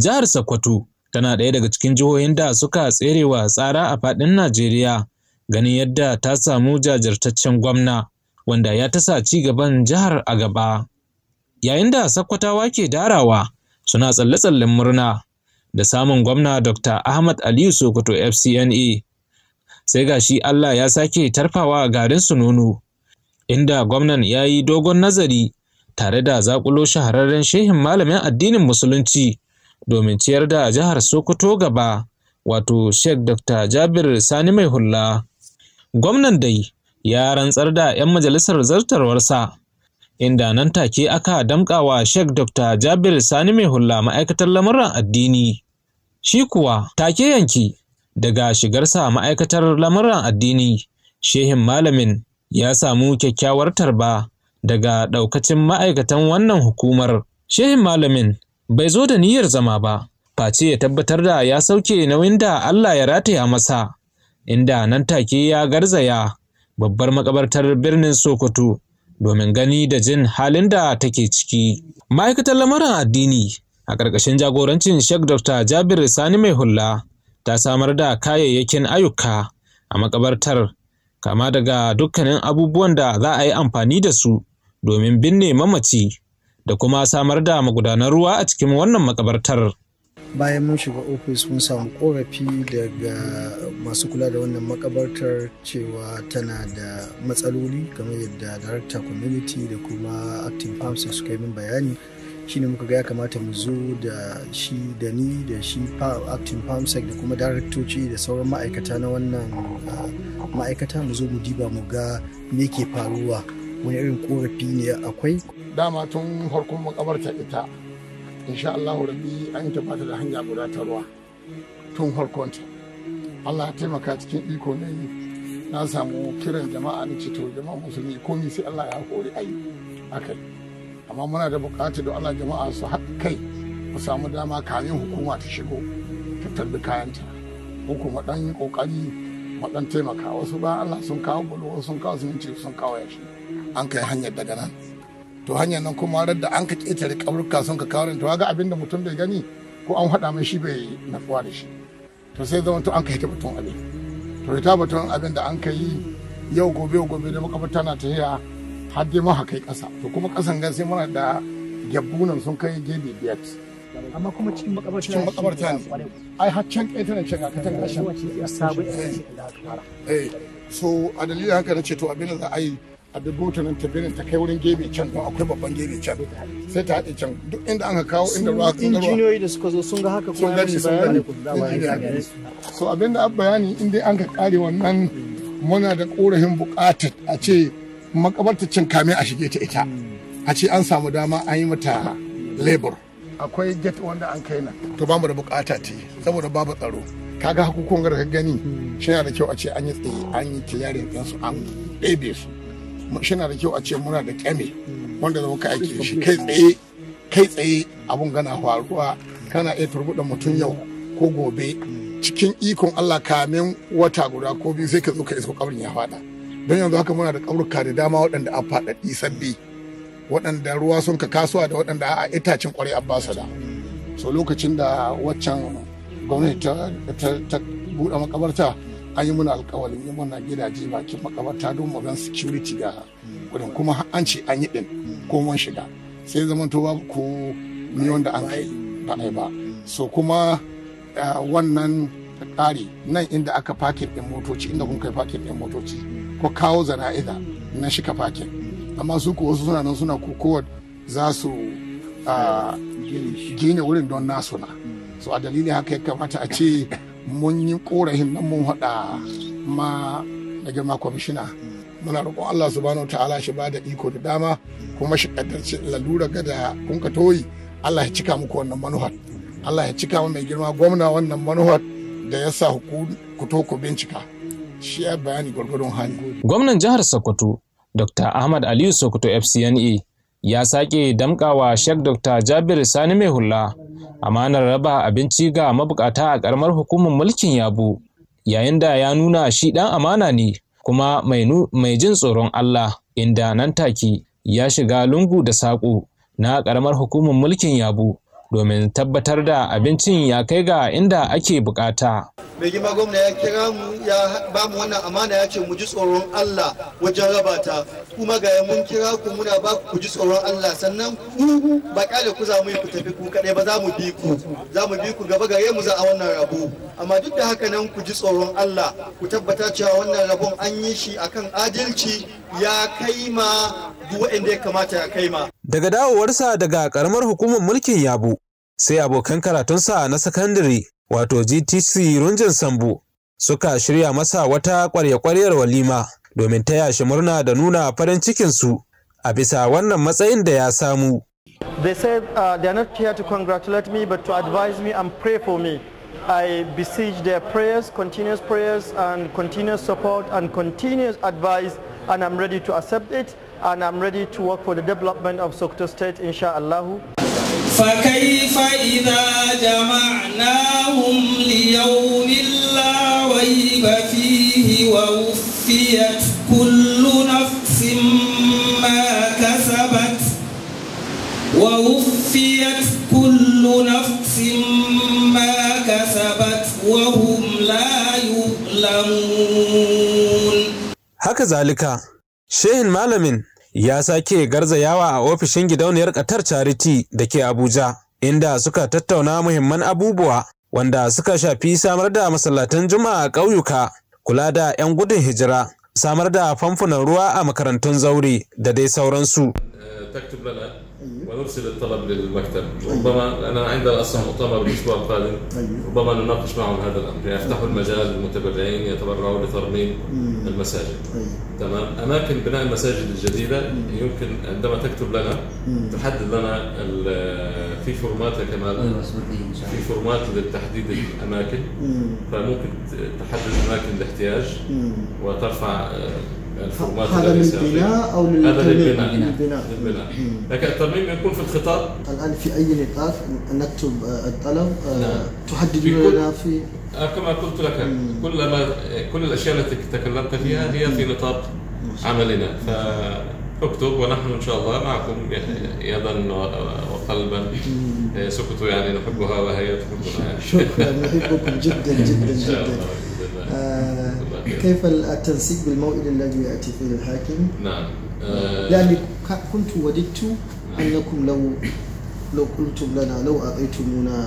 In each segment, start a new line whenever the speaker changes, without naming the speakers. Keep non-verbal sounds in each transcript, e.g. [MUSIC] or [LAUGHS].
Jihar Sokoto tana ɗaya daga cikin jihohin da suka tserewa tsara a faɗin Najeriya ganin yadda ta samu jajirtaccen gwamna wanda ya tasa ci gaban jihar a gaba. Yayin da Sakkwatawa ke darawa suna tsalle-tsallen murna da samun gwamna Dr. Ahmad Aliyu Sokoto FCNA. Sai ga shi Allah ya sake tarfawa garin su nono, inda gwamnan ya yi dogon nazari tare da zaƙulo shahararren shehin malamin addinin Musulunci. domin ciyar da jihar Sokoto gaba wato Sheikh Dr. Jabir Sani mai hulla. Gwamnan dai ya rantsar da 'yan majalisar zartarwarsa inda nan take aka damƙawa Sheikh Dr. Jabir Sani mai hulla ma'aikatar lamuran addini. Shi kuwa take yanki daga shigarsa ma'aikatar lamuran addini, shehin malamin ya samu kyakkyawar tarba daga ɗaukacin ma'aikatan wannan hukumar. Shehin malamin bai zo da niyyar zama ba, face ya tabbatar da ya sauke nauyin da Allah ya rataya masa, inda nan take ya garzaya babbar makabartar birnin Sokoto domin gani da jin halin da take ciki. Ma'aikatar lamarin addini a ƙarƙashin jagorancin Sheikh Dr. Jabir Sani mai hulla ta samar da kayayyakin ayyuka a makabartar kama daga dukkanin abubuwan da za a yi amfani da su domin binne mamaci da kuma samar da magudanar ruwa a cikin wannan makabartar.
bayan mun shiga ofis mun samu korafi daga masu kula da wannan makabartar cewa tana da matsaloli game yadda director community da kuma acting farms suka yi min bayani shine muka ga ya kamata mu zo da shi da ni da shi acting farmsec da kuma daraktoci da sauran ma'aikata na wannan ah, ma'aikata mu zo mu diba mu ga me ke faruwa wani irin korafi ne akwai
dama tun farkon makabarta ita insha Allah rabbi an yi bata da hanya guda ta ruwa tun harkonta Allah ya taimaka cikin iko ne na samu kiran jama'a na cito jama'a musulmi komi sai Allah ya hakuri ai akai amma muna da bukatar da Allah jama'a su haɗa kai mu samu dama kamin hukuma ta shigo ta tabbi kayanta ko kuma dan yi kokari mu dan taimaka wasu ba Allah sun kawo bulo sun kawo ce sun kawo yashi an kai hanyar daga nan to hanyar nan kuma da an ka ƙetare ƙauyuka sun ka son ka kawo to ga abin da mutum bai gani ko an haɗa mai shi bai nafuwa da shi to sai zama to an ka hita batun abin to hita batun abin da an ka yi yau gobe gobe da makamata na tafiya har dai ma kai kasa to kuma ƙasan gan sai muna da gyabbunan sun kai gebe biyar amma kuma cikin makabarta cikin makabarta ne ai har can ƙetaren can ga katan ƙashin sabon ƙashin da aka fara eh so a dalilin haka na ce to abin da za a yi a bota nan tafiya ta kai wurin gebe can kuma akwai babban gebe can sai ta haɗe can duk inda an kawo inda ruwa kan injiniyoyi
da suka zo sun ga haka kuma gani sun gani
so abinda an bayani inda an ka kare wannan muna da korafin buƙatar a ce makabarta cin kame a shige ta ita a ce an samu dama an yi mata labor akwai jet wanda an kai na to ba mu da bukata yi saboda babu tsaro kaga hakukuwan da ka gani shi da kyau a ce an yi tsaye an yi tiyarin ɗansu an ɗebe su shina da kyau a ce muna da kyame hmm. wanda zama ka aiki shi kai tsaye kai tsaye abun gana faruwa kana iya turbuɗa mutum yau ko gobe hmm. cikin ikon Allah kamin wata guda ko biyu sai ka zo ka iso kabrin ya fada don yanzu haka muna da kaburka da dama waɗanda an faɗaɗi sabbi waɗanda ruwa sun ka kasuwa da waɗanda a itacen kwarai a basu da hmm. so lokacin da waccan gwamnati ta buɗe makabarta an yi muna alkawarin yi muna gidaje bakin makabarta don mu gan security ga gudun kuma an ce an yi din ko shiga sai zaman to babu ko miliyon da an kai ba ai ba so kuma wannan ƙari nan inda aka fakin ɗin motoci inda kun kai fakin ɗin motoci ko kawo zana'iza na shika fakin amma su ko wasu suna nan suna kowa za su gina wurin don nasu na so a dalilin haka ya kamata a ce mun yi korahin nan mun haɗa ma da girma kwamishina muna roƙon Allah subhanahu ta'ala shi ba da iko da dama kuma shi kaddarci lalura ga da kun ka toyi Allah ya cika muku wannan manuhar Allah ya cika mu mai girma gwamna wannan manuhar da ya sa ku to ku bincika shi ya bayani gwargwadon hannu
gwamnan jihar Sokoto Dr. Ahmad Aliyu Sokoto fcna. E. ya sake damƙawa Sheikh Dr. Jabir Sani mai hula amanar raba abinci ga mabukata a ƙaramar hukumar mulkin Yabo yayin da ya nuna shi ɗan amana ne kuma mai jin tsoron Allah inda nan take ya shiga lungu da saƙo na ƙaramar hukumar mulkin Yabo domin tabbatar da abincin ya kai ga inda ake bukata.
mai gima gwamna ya kira mu ya ba mu wannan amana ya ce mu ji tsoron Allah wajen raba ta kuma ga mun kira ku muna ba ku ji tsoron Allah sannan ku ba kyale ku za mu yi ku tafi ku kadai ba za mu bi ku za mu bi ku gaba gare mu za a wannan rabo amma duk da haka nan ku ji tsoron Allah ku tabbata cewa wannan rabon an yi shi akan adalci ya kai ma duk waɗanda ya kamata ya kai ma
Daga dawowarsa daga karamar hukumar mulkin Yabo, sai abokan karatunsa na sakandare wato GTC Runjin Sambo suka shirya masa wata ƙwarya-ƙwaryar walima domin taya shi murna da nuna farin cikinsu a bisa wannan matsayin da ya samu.
They said uh, they are not here to congratulate me but to advise me and pray for me. I beseech their prayers, continuous prayers and continuous support and continuous advice and I'm ready to accept it. and I'm ready to work for the development of Sokoto State, insha'Allah.
فكيف إذا
جمعناهم ليوم لا ريب فيه ووفيت كل نفس ما كسبت ووفيت كل نفس ما كسبت وهم لا يظلمون
هكذا Shehin Malamin ya sake garzayawa a ofishin gidauniyar Katar Charity da ke Abuja, inda suka tattauna muhimman abubuwa wanda suka shafi samar da masallatan juma'a a ƙauyuka, kula da 'yan gudun hijira, samar da famfunan ruwa a makarantun zaure da dai sauransu.
Eh, ونرسل الطلب للمكتب ربما انا عندنا اصلا مؤتمر الاسبوع القادم طيب. ربما نناقش معهم هذا الامر يعني طيب. يفتحوا المجال للمتبرعين يتبرعوا لترميم المساجد طيب. تمام اماكن بناء المساجد الجديده يمكن عندما تكتب لنا تحدد لنا في فورمات كمان كمال في فورمات لتحديد الاماكن فممكن تحدد اماكن الاحتياج وترفع آه، الفورمات هذا للبناء او للبناء هذا للبناء للبناء, لكن الترميم يكون في الخطاب
الان في اي نقاط نكتب آه، الطلب
آه، نعم. تحدد لنا في آه، كما قلت لك مم. كل ما كل الاشياء التي تكلمت فيها هي في نطاق عملنا ف اكتب ونحن ان شاء الله معكم يدا وقلبا سكتوا يعني نحبها وهي تحبنا
شكرا نحبكم جدا جدا جدا كيف التنسيق بالموعد الذي ياتي فيه الحاكم؟ نعم لاني كنت وددت انكم لو لو قلتم لنا لو أعطيتمونا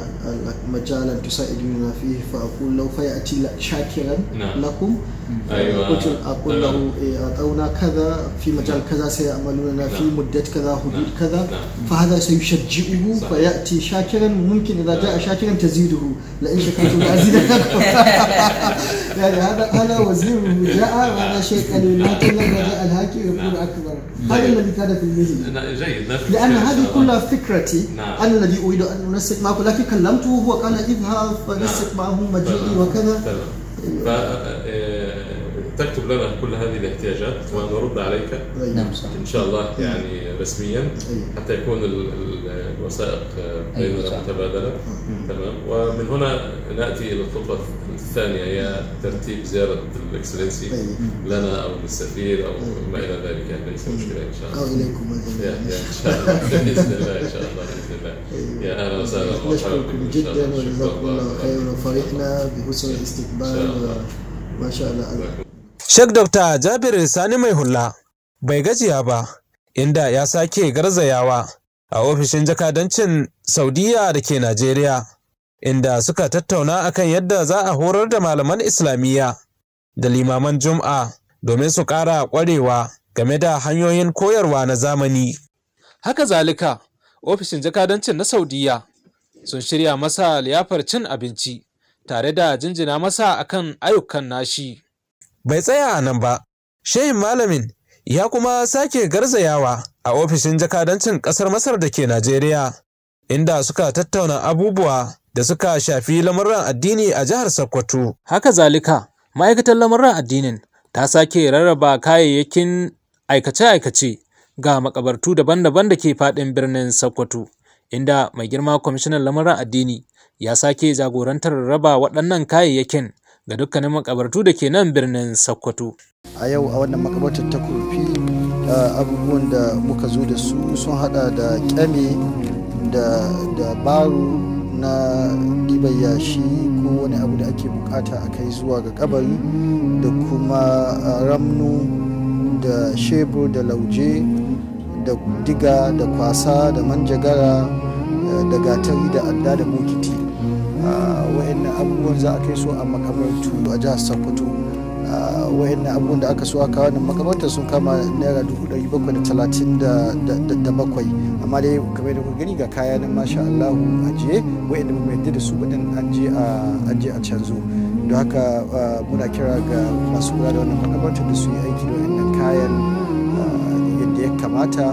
مجالا تساعدوننا فيه فأقول لو فيأتي شاكرا نعم. لكم
أيوة. قلت أقول له نعم.
إيه، أعطونا كذا في مجال نعم. كذا سيعملوننا في مدة كذا حدود كذا فهذا سيشجعه فيأتي شاكرا ممكن إذا جاء شاكرا تزيده لأن شكرتم أزيد [LAUGHS] يعني هذا هذا وزيره جاء هذا شيء قليل لكن لما جاء الهاكي يقول أكبر هذا الذي كان في المهم
جيد لان هذه
كلها فكرتي نعم. انا الذي اريد ان انسق معه لكن كلمته هو قال اذهب فنسق معهم مجيئي وكذا
نكتب لنا كل هذه الاحتياجات ونرد عليك نعم صحيح. ان شاء الله أيوة. يعني رسميا أيوة. حتى يكون الوثائق أيوة، بيننا متبادله أمم. تمام ومن هنا ناتي الى الخطوه الثانيه هي ترتيب زياره الاكسلنسي لنا او للسفير او ما الى ذلك يعني ليس مشكله ان شاء الله او اليكم [LAUGHS] باذن الله ان شاء الله باذن الله يا اهلا وسهلا نشكركم جدا
وجزاكم الله خير وفرحنا بحسن الاستقبال ما شاء الله
Sheikh Dr. Jabir Sani mai hulla bai gajiya ba inda ya sake garzayawa a ofishin jakadancin Saudiyya da ke Najeriya inda suka tattauna akan yadda za a horar da malaman Islamiyya da limaman Juma'a domin su ƙara ƙwarewa game da hanyoyin koyarwa na zamani. Haka zalika, ofishin jakadancin na Saudiyya sun shirya masa liyafar cin abinci tare da jinjina masa akan ayyukan nashi. bai tsaya a nan ba shehin malamin ya kuma sake garzayawa a ofishin jakadancin ƙasar masar da ke najeriya inda suka tattauna abubuwa da suka shafi lamuran addini a jihar sokoto haka zalika ma'aikatar lamuran addinin ta sake rarraba kayayyakin aikace-aikace ga makabartu daban-daban da ke faɗin birnin sokoto inda mai girma kwamishinan lamuran addini ya sake jagorantar raba waɗannan kayayyakin ga dukkanin makabartu da ke nan birnin Sokoto.
A yau a wannan makabartar ta kurfi abubuwan da muka zo da su sun hada da kyame da baro na ɗibar yashi ko wani abu da ake bukata a kai zuwa ga kabari da kuma ramnu da shebur da lauje da diga da kwasa da manjagara eh, da gatari da adda da bokiti Ah, wa'in abubuwan za a kai su a makamantu a jihar sokoto ah, wa'in abubuwan da aka so a kawo nan makamantar sun kama naira dubu ɗari bakwai da talatin da bakwai amma dai kamar da kuka gani ga kaya nan masha allahu ajiye wa'in da yadda da su waɗanda an je a canzo don haka ah, muna kira ga masu kula da wannan makamantar da su yi aiki da wa'in kayan yadda ya kamata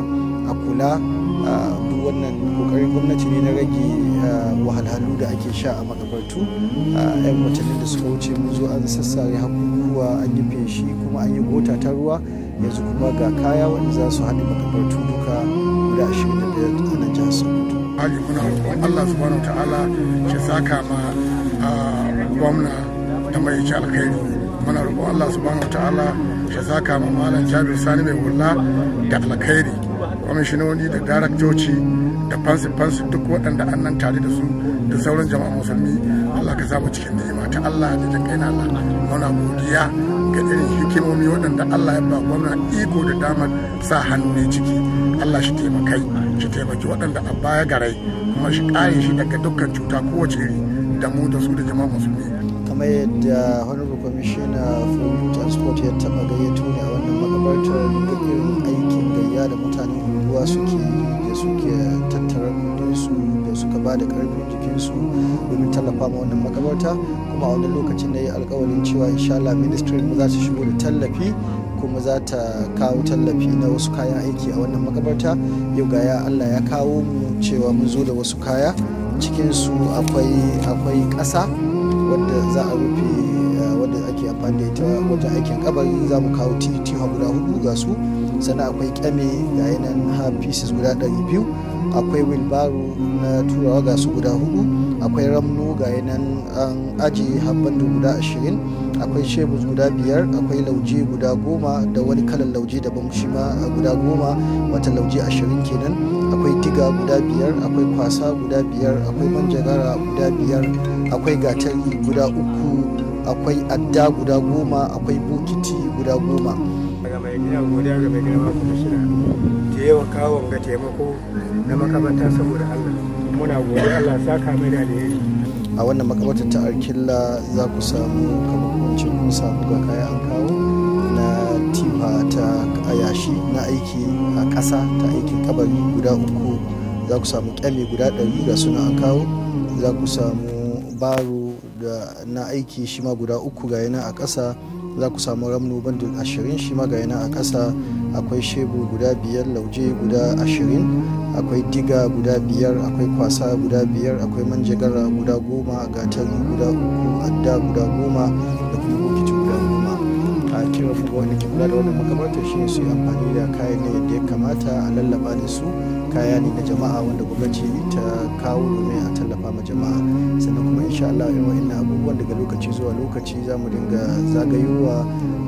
a kula duk wannan kokarin gwamnati ne na rage wahalhalu da ake sha a makabartu a 'yan watannin da suka wuce mun zo an sassare hakuruwa an yi feshi kuma an yi gota ta ruwa yanzu kuma ga kaya wanda za su haɗe makabartu duka guda ashirin da biyar a nan jihar sokoto. Haji muna roƙon Allah subhanahu wa ta'ala shi
saka ma gwamna da mai ci alkhairi muna roƙon Allah subhanahu wa ta'ala shi saka ma malam Jabir Sani mai hula da alkhairi. kwamishinoni da daraktoci da fansu-fansu duk waɗanda an nan tare da su da sauran jama'a musulmi Allah ka samu cikin ni'ima ta Allah da jin kaina Allah muna godiya ga irin hikimomi waɗanda Allah ya ba gwamna iko da damar sa hannu ne ciki Allah shi taimakai shi taimaki waɗanda a baya garai kuma shi ƙare shi daga dukkan cuta kowace iri
da mu da su da jama'a musulmi kamar yadda honorable commissioner for transport ya taɓa gayyato ne a wannan makabartar da irin aikin gayya da mutane rayuwa suke da suke tattara su da suka ba da karfin jikinsu domin tallafa ma wannan makabarta kuma a wani lokacin da ya alkawarin cewa Allah ministry mu za su shigo da tallafi kuma za ta kawo tallafi na wasu kayan aiki a wannan makabarta yau ga ya allah ya kawo mu cewa mun zo da wasu kaya cikinsu akwai akwai ƙasa wadda za a rufe amfani da ita wajen aikin kabari za mu kawo titiwa guda hudu ga su sannan akwai kyame ga yanan ha pieces guda ɗari biyu akwai wilbaro na turawa ga su guda hudu akwai ramnu ga yanan an ajiye da guda ashirin akwai shebus guda biyar akwai lauje guda goma da wani kalan lauje daban shi ma guda goma wata lauje ashirin kenan akwai diga guda biyar akwai kwasa guda biyar akwai manjagara guda biyar akwai gatari guda uku akwai adda guda goma akwai bokiti guda goma daga mai gina godiya ga mai girma da shida ta yawa kawon ga taimako na makamanta saboda allah muna godiya allah saka mai da alheri a wannan makamantar ta arkilla za ku samu kamakunci kun samu ga kaya an kawo na tifa ta ayashi na aiki a ƙasa ta aikin kabari guda uku za ku samu kyame guda ɗari ga suna an kawo za ku samu baro na aiki shi ma guda uku ga yana a ƙasa za ku samu ramnu bandu ashirin shi ma ga yana a ƙasa akwai shebu guda biyar lauje guda ashirin akwai diga guda biyar akwai kwasa guda biyar akwai manjagara guda goma gatari guda uku adda guda goma da kuma bokiti guda goma a kiran mu wanda kimla da wannan makamata shi ne su yi amfani da kayan yadda ya kamata a lallaba da su kaya ne na jama'a wanda gwamnati ta kawo domin a tallafa ma jama'a sannan kuma insha Allah irin wa'annan abubuwan daga lokaci zuwa lokaci za mu dinga zagayowa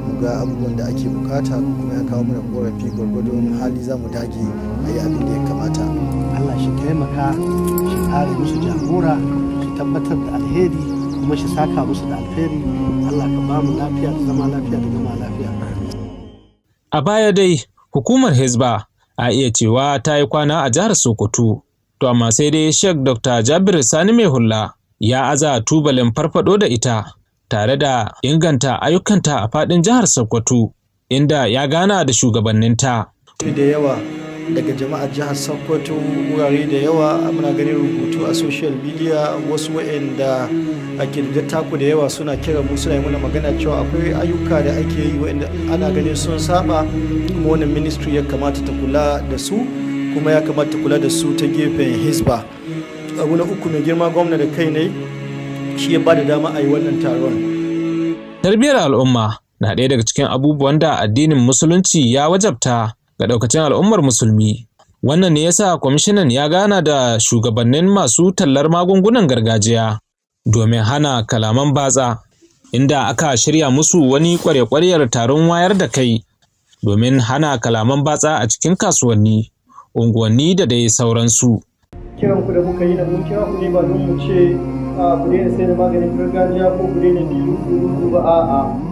mu ga abubuwan da ake bukata kuma ya kawo mana korafi gwargwadon hali za mu dage a yi abin da ya kamata Allah shi taimaka shi kare musu jagora shi tabbatar da alheri kuma shi saka musu da alheri Allah ka ba mu lafiya da zama lafiya da zama lafiya
a baya dai hukumar hezba a iya cewa ta yi kwana a jihar Sokoto. To amma sai dai Sheikh Dr. Jabir Sani mai hulla ya aza tubalin farfado da ita tare da inganta ayyukanta a faɗin jihar Sokoto inda ya gana da shugabanninta.
Da yawa daga jama'ar jihar sokoto wurare da yawa muna ganin rubutu a social media wasu wa'anda ake da taku da yawa suna kira mu suna yi muna magana cewa akwai ayyuka da ake yi wa'anda ana ganin sun saba kuma wannan ministry ya kamata ta kula da su kuma ya kamata ta kula da su ta gefen hisba abu na uku mai girma gwamna da kai ne shi ya ba da dama a yi wannan taron
tarbiyyar al'umma na ɗaya daga cikin abubuwan da addinin musulunci ya wajabta ga daukacin al'ummar musulmi wannan ne ya sa kwamishinan ya gana da shugabannin masu tallar magungunan gargajiya domin hana kalaman batsa inda aka shirya musu wani kware-kwaryar taron wayar da kai domin hana kalaman batsa a cikin kasuwanni unguwanni da dai sauransu
kiran ku da muka yi da mun kira ku ne ba mu ce ah, ku daina sai da maganin gargajiya ko ku daina biyu ba a'a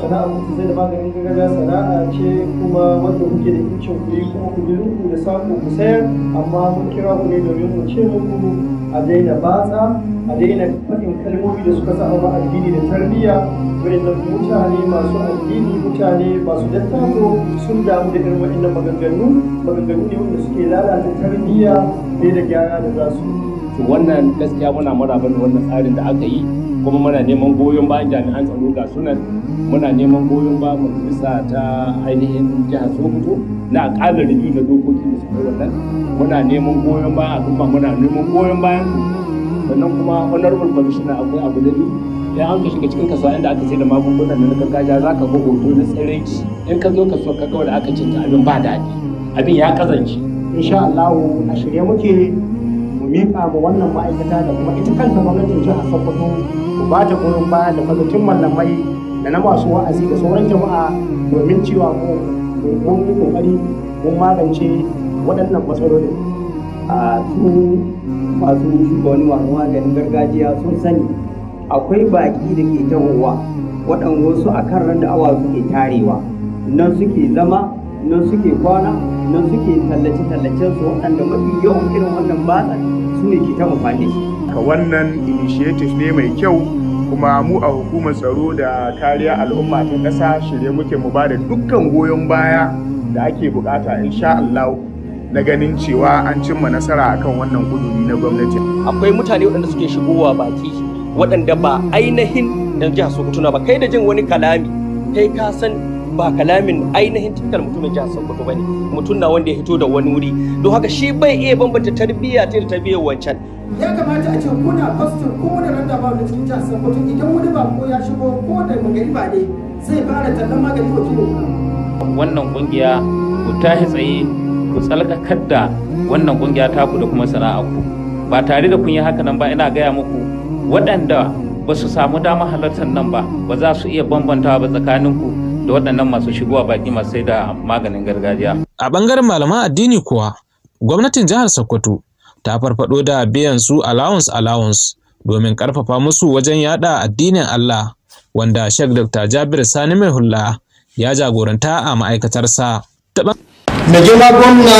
sana'a kuke sai da maganin gargajiya sana'a ce kuma wanda kuke da incin ku yi kuma ku yi lungu da samu ku sayar amma mun kira ku ne domin mu ce muku a daina batsa a daina faɗin kalmomi da suka samu addini da tarbiyya waɗannan mutane masu addini mutane masu dattako sun damu da irin waɗannan maganganu maganganu ne wanda suke
lalata tarbiyya ne da gyara da za su wannan gaskiya muna maraba da wannan tsarin da aka yi kuma muna neman goyon bayan jami'an tsaro ga sunan muna neman goyon mu bisa ta ainihin jihar sokoto na ƙara rubi da dokoki da
suke
wannan muna neman goyon a kuma muna neman goyon bayan sannan kuma honorable
commissioner akwai abu da idan an ka shiga cikin kasuwa inda aka sai da magungunan na gargajiya za ka ga hoto na tsiranci in ka zo kasuwa ka ga wanda aka cinta abin ba daɗi abin ya kazance insha Allah a shirye muke mu miƙa ga wannan ma'aikata da kuma ita kanta gwamnatin
jihar Sokoto mu ba ta goyon baya da kwamitin mallamai da na masu wa'azi da sauran jama'a domin cewa mun yi kokari mun magance waɗannan matsaloli a su masu shugabanni wani maganin gargajiya
sun sani akwai baki da ke tahowa waɗanda wasu a kan ran da awa suke
tarewa nan suke zama nan suke kwana nan suke tallace tallace su waɗanda mafi yawan irin wannan batsa su ne ke ta amfani ka wannan
initiative
ne mai kyau kuma mu a hukumar tsaro da kariya al'umma ta ƙasa shirye muke mu ba da dukkan goyon baya da ake bukata insha Allah na ganin cewa an cimma nasara akan wannan gudumi na gwamnati akwai mutane waɗanda suke shigowa baki
waɗanda ba ainihin da jihar Sokoto ba kai da jin wani kalami kai ka san ba kalamin ainihin tattal mutumin jihar Sokoto bane mutum na wanda ya hito da wani wuri don haka shi bai iya bambanta tarbiyya ta da tarbiyyar wancan
ya kamata a ce kuna fastin ko da randa ba da cikin jihar Sokoto idan wani ba ko ya shigo ko da ba ne zai fara tallan magani ko kilo
wannan kungiya ku tashi tsaye ku tsalkakar da wannan kungiya taku da kuma sana'a ku ba tare da kun yi haka nan ba ina gaya muku waɗanda ba su samu damar halartar nan ba ba za su iya bambantawa ba tsakaninku da waɗannan masu shigowa baki masu sai da maganin gargajiya. A ɓangaren malaman addini kuwa, gwamnatin jihar Sokoto ta farfado da biyan su allowance allowance domin ƙarfafa musu wajen yaɗa addinin Allah wanda Sheikh Dr. Jabir Sani mai hulla ya jagoranta a ma'aikatarsa.
Na gina gwamna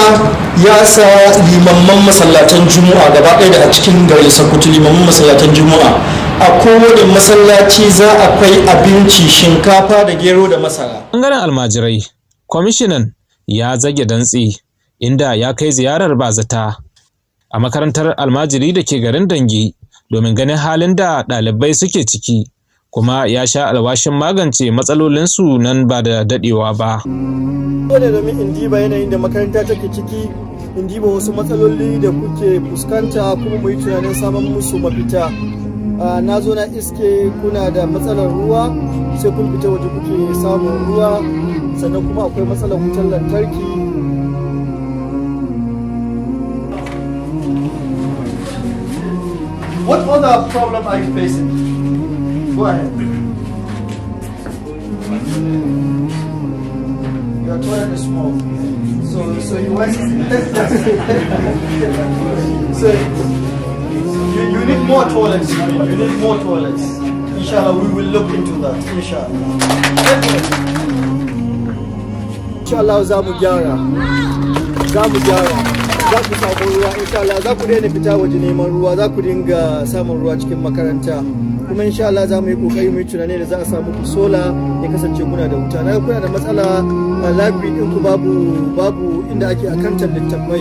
ya sa limamman masallatan Juma'a gaba ɗaya da a cikin garin Sokoto limamman masallatan Juma'a a kowane masallaci za a kai abinci shinkafa da gero da masara.
Bangaren almajirai, kwamishinan ya zage dantse inda ya kai ziyarar bazata a makarantar almajiri da ke garin dangi domin ganin halin da ɗalibai suke ciki kuma ya sha alwashin magance matsalolinsu nan ba da daɗewa ba.
Dole domin in diba yanayin da makaranta take ciki in diba wasu matsaloli da kuke fuskanta kuma mu tunanin samun musu mafita. na zo na iske kuna da matsalar ruwa sai kun fita waje kuke samun ruwa sannan kuma akwai matsalar wutar lantarki What other problem are you facing? Go ahead. Your toilet is small. So, so you want... [LAUGHS] so, We need more toilets. We need more toilets. Inshallah, we will look into that. Inshallah. Inshallah za mu gyara. Za mu gyara. Za ku samu ruwa. Inshallah za ku daina fita waje neman ruwa. Za ku dinga samun ruwa cikin makaranta. kuma insha Allah za mu yi kokari mu yi tunani da za a samu ku sola ya kasance kuna da wuta na kuna da matsala a labi din ku babu babu inda ake akantar littattafai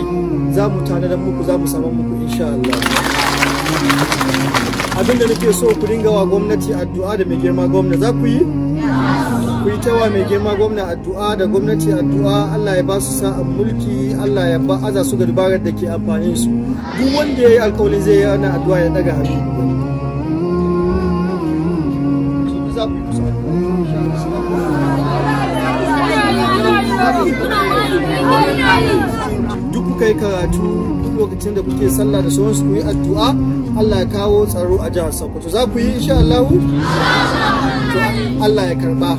za mu tana tanadar muku za mu samu muku insha Allah Abin da nake so ku dinga wa gwamnati addu'a da mai girma gwamna za ku yi
ku yi tawa mai
girma gwamna addu'a da gwamnati addu'a Allah ya ba su sa'an mulki Allah ya ba aza su ga dubarar da ke amfani su duk wanda ya yi alkawalin zai yi ana addu'a ya daga hannu duk kuka yi karatu lokacin da kuke sallah da sauran su yi addu'a Allah ya kawo tsaro a jihar Sokoto za ku yi insha Allah Allah ya karba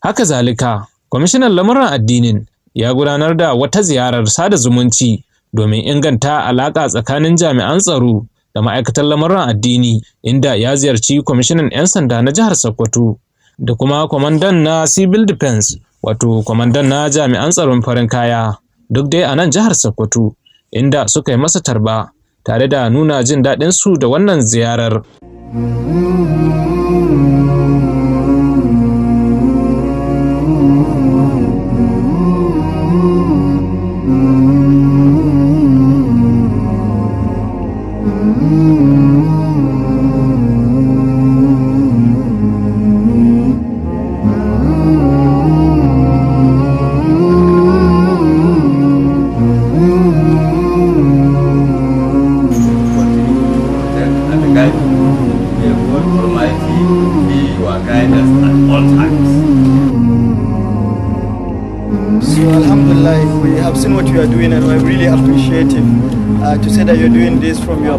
haka zalika kwamishinan lamuran addinin ya gudanar da wata ziyarar sada zumunci domin inganta alaƙa tsakanin jami'an tsaro da ma'aikatan lamuran addini inda ya ziyarci kwamishinan 'yan sanda na jihar Sokoto da kuma kwamandan na civil defense wato kwamandan na jami'an tsaron farin kaya duk dai a nan jihar Sokoto. inda suka yi masa tarba tare da nuna jin daɗinsu da wannan ziyarar.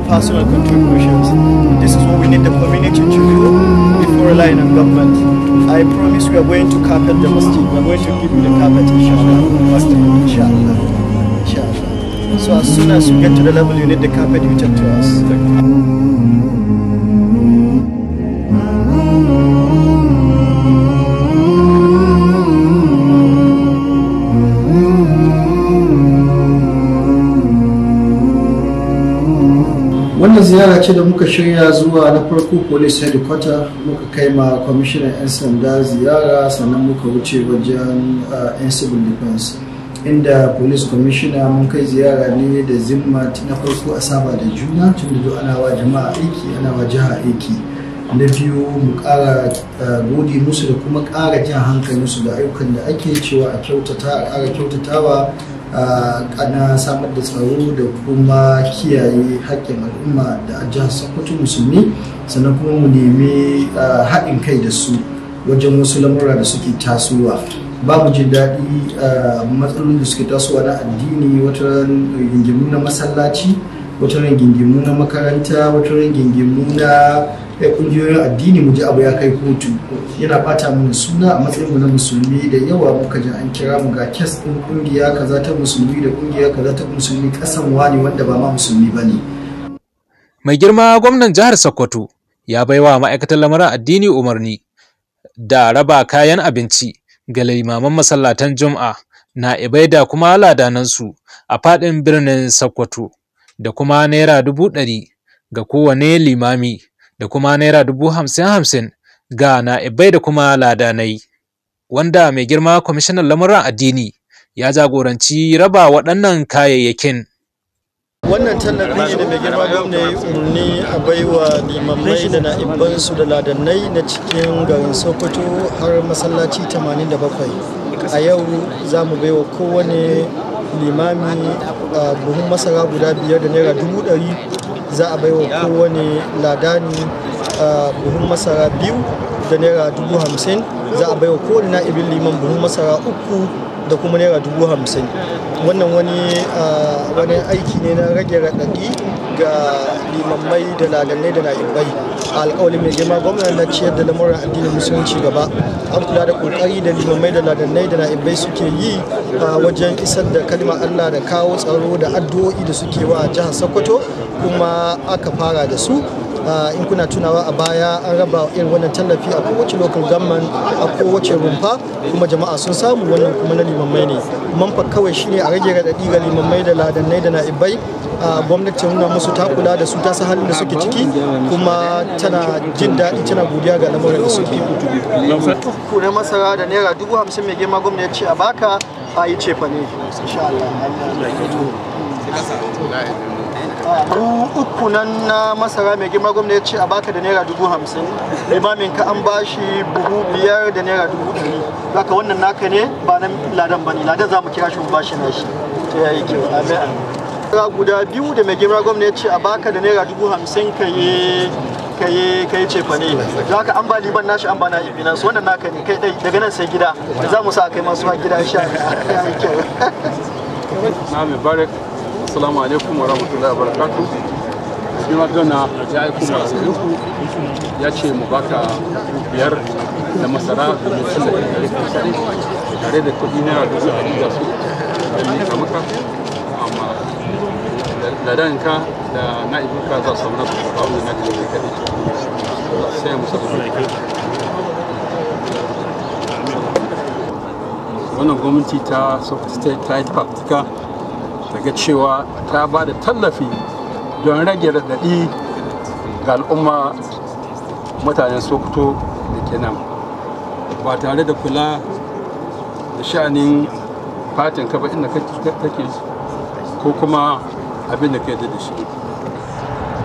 our personal contributions. This is what we need the community to do before relying on government. I promise we are going to carpet the mosque. We are going to give you the carpet, inshallah. So as soon as you get to the level you need the carpet, you talk to us. wannan ziyara ce da muka shirya zuwa na farko police headquarter muka kai ma kwamishinan 'yan sanda ziyara sannan muka wuce wajen ah, 'yan civil defense inda police commissioner mun kai ziyara ne da zimma na farko a saba da juna tun da ana wa jama'a aiki ana wa jiha aiki na biyu mu kara ah, godi musu da kuma kara jan su da ayyukan da ake cewa a kyautata a kara kyautatawa Ana samar da tsaro da kuma kiyaye haƙƙin al'umma da jihar sokoto musulmi sannan kuma mu nemi haɗin kai da su wajen wasu lamura da suke tasowa babu jin daɗi matsalolin da suke tasowa na addini wata gingimu na masallaci wata gingimu na makaranta wata gingimu na kungiyoyin addini mu ji abu ya kai kotu yana bata mana suna a matsayin na musulmi da yawa muka ji an kira mu ga kes din kungiya kaza ta musulmi da kungiya kaza ta musulmi kasan wani wanda ba ma musulmi bane
mai girma gwamnan jihar Sokoto ya baiwa ma'aikatan lamarin addini umarni da raba kayan abinci ga limaman masallatan Juma'a na ibaida kuma ladanansu a faɗin birnin Sokoto da kuma naira dubu ɗari ga kowane limami da kuma naira dubu hamsin hamsin ga na'ibai da kuma ladanai wanda mai girma kwamishinan lamuran addini ya jagoranci raba waɗannan kayayyakin
wannan tallafin ne da mai girma gwamna ya umarni a baiwa limamai da na'ibansu da ladanai na cikin garin sokoto har masallaci 87 a yau za mu baiwa kowane limami a ah, buhun masara guda biyar da naira dubu ɗari za a baiwa kowane ladani buhun masara biyu da naira dubu hamsin za a baiwa kowane na'ibin liman buhun masara uku da kuma naira dubu hamsin wannan wani aiki ne na rage raɗaɗi ga limammai da ladanai da na'ibai alƙawarin mai girma gwamnati na ciyar da lamuran addinin musulunci gaba an kula da kokari da limamai da ladannai da na'ibai suke yi a wajen isar da kalmar allah da kawo tsaro da addu'o'i da suke wa jihar sokoto kuma aka fara da su in kuna tunawa a baya an raba irin wannan tallafi a kowace local government a kowace rumfa kuma jama'a sun samu wannan kuma na limammai ne manfa kawai shine a rage raɗaɗi ga limammai da ladannai da na'ibai gwamnati nuna musu ta kula da su ta sa halin da suke ciki kuma tana jin daɗi tana godiya ga lamarin da suke ku na masara da naira dubu hamsin mai girma gwamnati ya ce a baka a yi cefa ne insha Allah du uku nan na masara mai girma gwamna ya ce a baka da naira dubu hamsin limamin ka an bashi buhu biyar da naira dubu ɗari zaka wannan naka ne ba na ladan ba ne ladan za mu kira shi mu bashi na shi to ya yi kyau amin guda biyu da mai girma gwamna ya ce a baka da naira dubu hamsin ka yi ka yi cefa ne za ka an ba liban nashi an ba na ibi nan su wannan naka ne kai dai daga nan sai gida za mu sa kai masu gida sha [LAUGHS] a yi kyau
assalamu alaikum wa rahmatullahi wa barakatu suna gana ya aiko masarinku ya ce mu baka biyar da masara da mutum da ɗari kusurai tare da kudi naira dubu ɗari da su da ne ka maka amma ladanka da na'ibinka za su na nasu da babu na da kaɗai sai mu wannan gwamnati ta soft state ta yi fafutuka daga cewa ta ba da tallafi don rage raɗaɗi ga al'umma mutanen sokoto da kenan ba tare da kula da sha'anin fatin kaba inda kake ko kuma abin da ka yadda da shi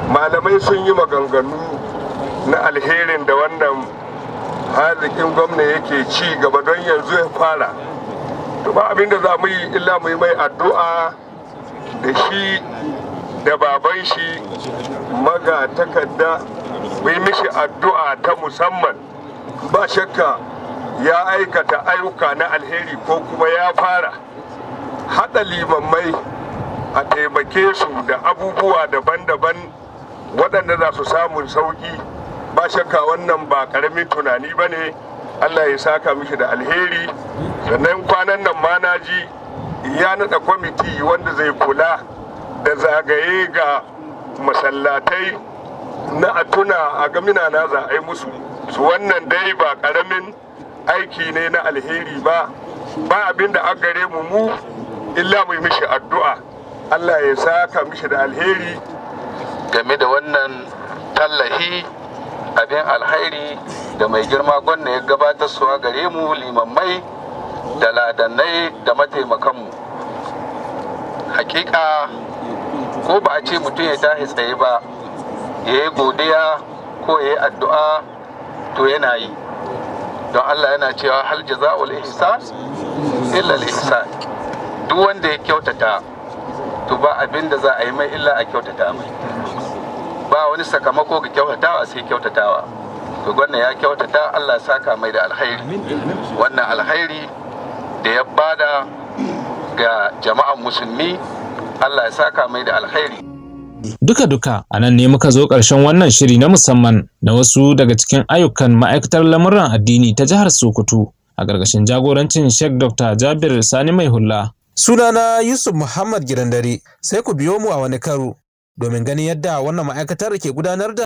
malamai sun yi maganganu na alherin da wannan harzikin gwamna yake ci gaba don yanzu ya fara to ba abin da za mu yi illa mu yi mai addu'a da shi da baban shi maga takarda mai mishi addu'a ta musamman ba shakka ya aikata ayyuka na alheri ko kuma ya fara haɗa limammai a taimake su da abubuwa daban-daban waɗanda za su samun sauƙi ba shakka wannan ba ƙaramin tunani ba ne allah ya saka mishi da alheri sannan kwanan nan ma na ji ya nada kwamiti wanda zai kula da zagaye ga masallatai na a tuna a gamina na za a yi musu su wannan dai ba karamin aiki ne na alheri ba ba abin da an gare mu mu illa mu mishi addu'a Allah ya saka mishi da alheri game da wannan tallahi abin alheri da mai girma gwanna ya gabatar suwa gare mu limammai da ladanai da mataimakanmu hakika ko ba a ce mutum ya tashi tsaye ba ya yi godiya ko ya yi addu'a to yana yi don Allah yana cewa hal jaza'ul ihsan illa ihsan duk wanda ya kyautata to ba abin da za a yi mai illa a kyautata mai ba wani sakamako ga kyautatawa sai kyautatawa to gwanna ya kyautata Allah saka mai da alkhairi wannan alkhairi da ya bada ga jama'an musulmi Allah ya saka mai da alkhairi
Duka-duka a nan ne muka zo ƙarshen wannan shiri na musamman na wasu daga cikin ayyukan ma'aikatar lamuran addini ta jihar Sokoto a ƙarƙashin jagorancin Sheikh Dr. Jabir Sani Mai Hulla. Sunana Yusuf Muhammad Girandare sai ku biyo mu a wani karo domin ganin yadda wannan ma'aikatar ke gudanar da